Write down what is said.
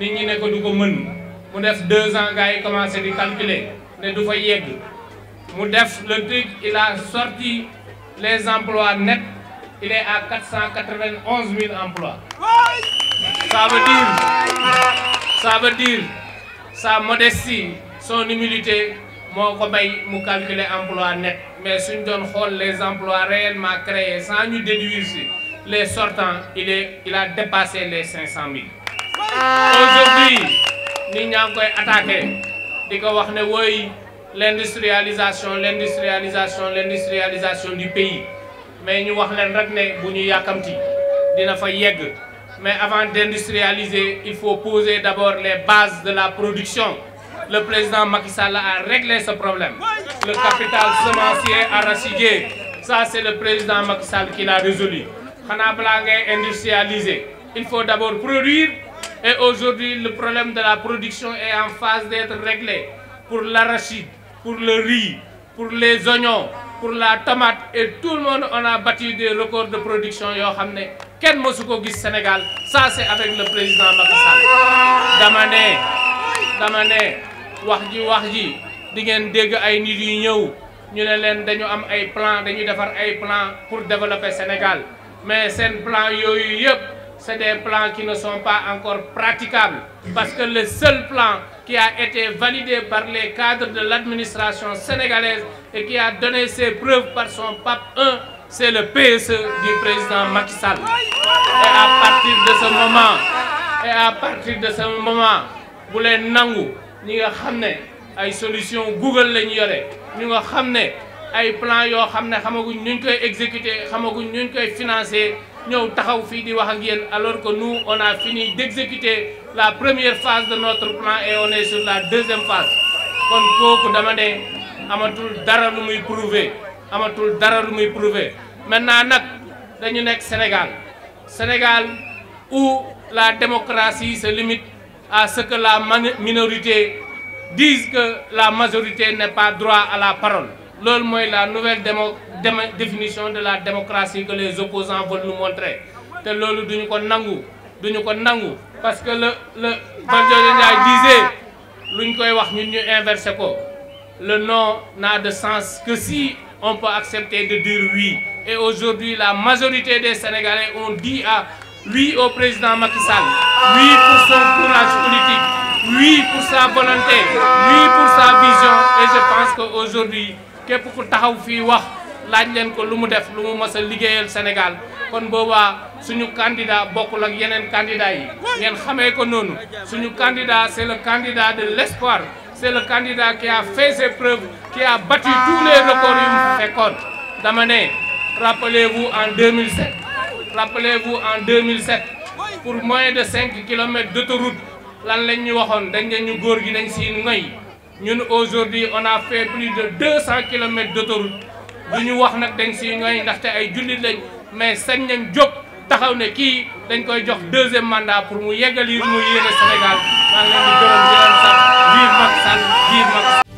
nous ne ko deux ans gars a commencé à calculer ne du fa le truc il a sorti les emplois nets il est à 491 000 emplois ça veut dire sa modestie son humilité il a bay les calculer emploi net mais si nous regarde les emplois réellement créés sans nous déduire les sortants il a dépassé les 500 000 aujourd'hui ah. nous avons attaqué l'industrialisation l'industrialisation l'industrialisation du pays mais ñu wax rek né bu ñu dina fa yegg mais avant d'industrialiser il faut poser d'abord les bases de la production le président Macky Sall a réglé ce problème le capital semencier arachidier ça c'est le président Macky Sall qui l'a résolu xana industrialiser il faut d'abord produire et aujourd'hui, le problème de la production est en phase d'être réglé pour l'arachide, pour le riz, pour les oignons, pour la tomate et tout le monde, on a battu des records de production. Quel Mosuko Gis Sénégal Ça, c'est avec le président Macky Sall. Damané, Damané, Wahdi Wahdi, Dingen Deg Aïni Lignou, nous avons des plans, nous avons des plans pour développer le Sénégal. Mais ces plans, yep c'est des plans qui ne sont pas encore praticables parce que le seul plan qui a été validé par les cadres de l'administration sénégalaise et qui a donné ses preuves par son pape 1, c'est le PSE du président Macky Sall. Et à partir de ce moment, et à partir de ce moment, vous les nangou, nous avons des solutions Google, nous avons des plans qui été financer alors que nous on a fini d'exécuter la première phase de notre plan et on est sur la deuxième phase kon kooku dama ne amatul dara lu muy amatul maintenant nous sommes au Sénégal Sénégal où la démocratie se limite à ce que la minorité dise que la majorité n'est pas droit à la parole loolu la nouvelle démocratie définition de la démocratie que les opposants veulent nous montrer C'est ce que nous nangu duñu parce que le le Ndiaye disait luñ koy wax ñun le non n'a de sens que si on peut accepter de dire oui et aujourd'hui la majorité des Sénégalais ont dit à oui au président Macky Sall oui pour son courage politique oui pour sa volonté oui pour sa vision et je pense qu'aujourd'hui, aujourd'hui ce qu'on taxaw L'année que ko lu mu def lu mu mës a liggéeyal Sénégal kon boobaa suñu candidat beaucoup ak yenen candidat yi ngeen xamee ko candidat c'est le candidat de l'espoir c'est le candidat qui a fait ses preuves qui a battu tous les records yu rappelez-vous en 2007 rappelez-vous en 2007 pour moins de 5 km d'autoroute lan lañ aujourd'hui on a fait plus de 200 km d'autoroute lu ñu wax nag dañ siy ñooy ndaxte ay jullit lañ mais sañ nañ jóg taxaw ne kii dañ koy jox deuxième mandat pour mu yeggali mu yéene Sénégal maa ngi leen di gërëm di leen sant vive Macky Sall vive Macky